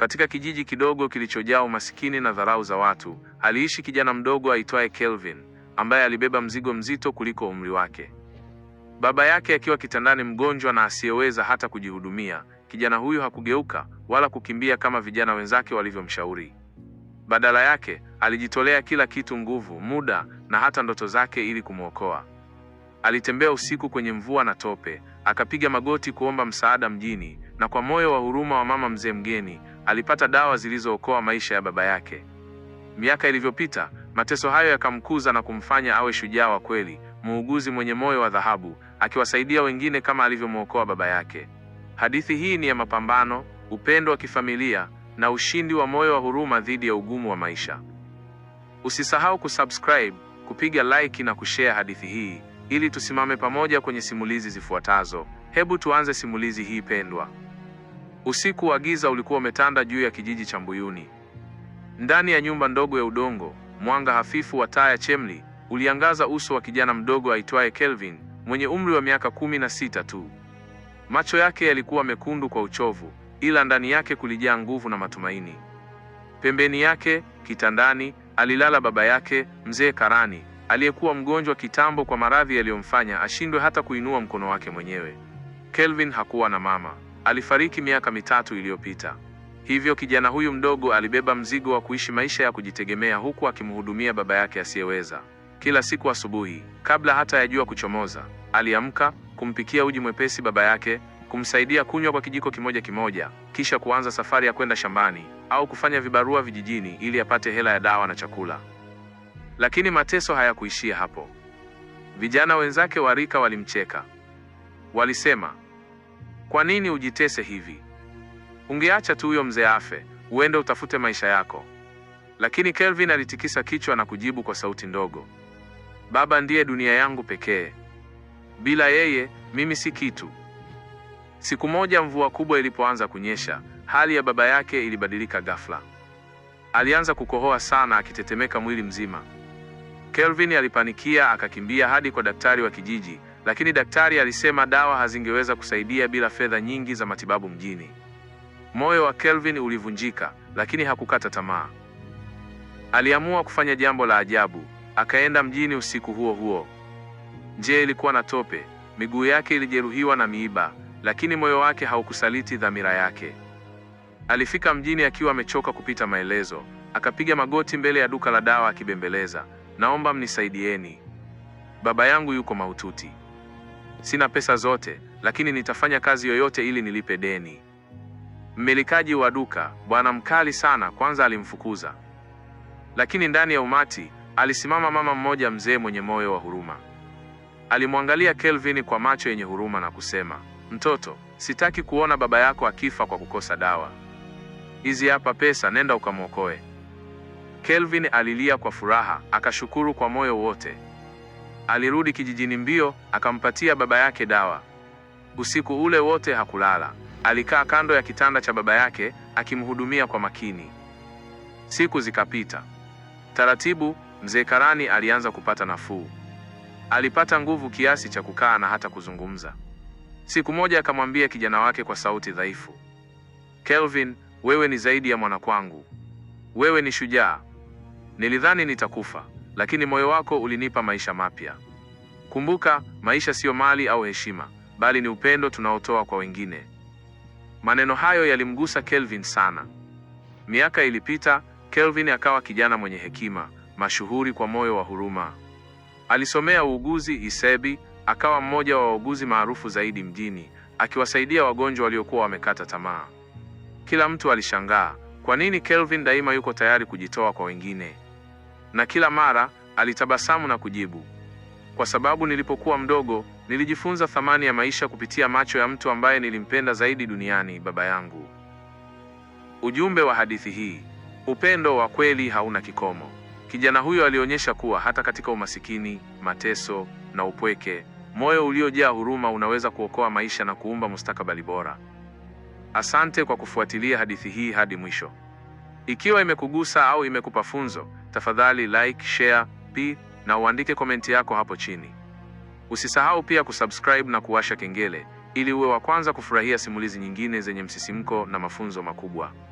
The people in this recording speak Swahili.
Katika kijiji kidogo kilichojaa umasikini na dharau za watu, aliishi kijana mdogo aitwaye Kelvin ambaye alibeba mzigo mzito kuliko umri wake. Baba yake akiwa kitandani mgonjwa na asiyeweza hata kujihudumia, kijana huyu hakugeuka wala kukimbia kama vijana wenzake walivyomshauri. Badala yake, alijitolea kila kitu, nguvu, muda na hata ndoto zake ili kumwokoa. Alitembea usiku kwenye mvua na tope, akapiga magoti kuomba msaada mjini, na kwa moyo wa huruma wa mama mzee mgeni alipata dawa zilizookoa maisha ya baba yake. Miaka ilivyopita, mateso hayo yakamkuza na kumfanya awe shujaa wa kweli, muuguzi mwenye moyo wa dhahabu, akiwasaidia wengine kama alivyomwokoa baba yake. Hadithi hii ni ya mapambano, upendo wa kifamilia na ushindi wa moyo wa huruma dhidi ya ugumu wa maisha. Usisahau kusubscribe, kupiga like na kushare hadithi hii ili tusimame pamoja kwenye simulizi zifuatazo. Hebu tuanze simulizi hii pendwa. Usiku wa giza ulikuwa umetanda juu ya kijiji cha Mbuyuni. Ndani ya nyumba ndogo ya udongo, mwanga hafifu wa taa ya chemli uliangaza uso wa kijana mdogo aitwaye Kelvin mwenye umri wa miaka kumi na sita tu. Macho yake yalikuwa mekundu kwa uchovu, ila ndani yake kulijaa nguvu na matumaini. Pembeni yake kitandani alilala baba yake mzee Karani, aliyekuwa mgonjwa kitambo kwa maradhi yaliyomfanya ashindwe hata kuinua mkono wake mwenyewe. Kelvin hakuwa na mama. Alifariki miaka mitatu iliyopita. Hivyo kijana huyu mdogo alibeba mzigo wa kuishi maisha ya kujitegemea huku akimhudumia baba yake asiyeweza. Kila siku asubuhi, kabla hata ya jua kuchomoza, aliamka kumpikia uji mwepesi baba yake, kumsaidia kunywa kwa kijiko kimoja kimoja, kisha kuanza safari ya kwenda shambani au kufanya vibarua vijijini ili apate hela ya dawa na chakula. Lakini mateso hayakuishia hapo. Vijana wenzake wa rika walimcheka, walisema kwa nini ujitese hivi? Ungeacha tu huyo mzee afe, uende utafute maisha yako. Lakini Kelvin alitikisa kichwa na kujibu kwa sauti ndogo, baba ndiye dunia yangu pekee. Bila yeye mimi si kitu. Siku moja mvua kubwa ilipoanza kunyesha, hali ya baba yake ilibadilika ghafla. Alianza kukohoa sana, akitetemeka mwili mzima. Kelvin alipanikia, akakimbia hadi kwa daktari wa kijiji lakini daktari alisema dawa hazingeweza kusaidia bila fedha nyingi za matibabu mjini. Moyo wa Kelvin ulivunjika, lakini hakukata tamaa. Aliamua kufanya jambo la ajabu, akaenda mjini usiku huo huo. Njia ilikuwa na tope, miguu yake ilijeruhiwa na miiba, lakini moyo wake haukusaliti dhamira yake. Alifika mjini akiwa amechoka kupita maelezo, akapiga magoti mbele ya duka la dawa akibembeleza, naomba mnisaidieni, baba yangu yuko mahututi sina pesa zote, lakini nitafanya kazi yoyote ili nilipe deni. Mmilikaji wa duka, bwana mkali sana, kwanza alimfukuza, lakini ndani ya umati alisimama mama mmoja mzee mwenye moyo wa huruma. Alimwangalia Kelvin kwa macho yenye huruma na kusema, mtoto, sitaki kuona baba yako akifa kwa kukosa dawa. Hizi hapa pesa, nenda ukamwokoe. Kelvin alilia kwa furaha, akashukuru kwa moyo wote. Alirudi kijijini mbio, akampatia baba yake dawa. Usiku ule wote hakulala, alikaa kando ya kitanda cha baba yake akimhudumia kwa makini. Siku zikapita taratibu. Mzee Karani alianza kupata nafuu, alipata nguvu kiasi cha kukaa na hata kuzungumza. Siku moja akamwambia kijana wake kwa sauti dhaifu, Kelvin, wewe ni zaidi ya mwana kwangu, wewe ni shujaa. Nilidhani nitakufa lakini moyo wako ulinipa maisha mapya. Kumbuka, maisha siyo mali au heshima, bali ni upendo tunaotoa kwa wengine. Maneno hayo yalimgusa Kelvin sana. Miaka ilipita, Kelvin akawa kijana mwenye hekima, mashuhuri kwa moyo wa huruma. Alisomea uuguzi Isebi, akawa mmoja wa wauguzi maarufu zaidi mjini, akiwasaidia wagonjwa waliokuwa wamekata tamaa. Kila mtu alishangaa, kwa nini Kelvin daima yuko tayari kujitoa kwa wengine? na kila mara alitabasamu na kujibu, kwa sababu nilipokuwa mdogo nilijifunza thamani ya maisha kupitia macho ya mtu ambaye nilimpenda zaidi duniani, baba yangu. Ujumbe wa hadithi hii: upendo wa kweli hauna kikomo. Kijana huyo alionyesha kuwa hata katika umasikini, mateso na upweke, moyo uliojaa huruma unaweza kuokoa maisha na kuumba mustakabali bora. Asante kwa kufuatilia hadithi hii hadi mwisho. Ikiwa imekugusa au imekupa funzo tafadhali like, share, pi na uandike komenti yako hapo chini. Usisahau pia kusubscribe na kuwasha kengele ili uwe wa kwanza kufurahia simulizi nyingine zenye msisimko na mafunzo makubwa.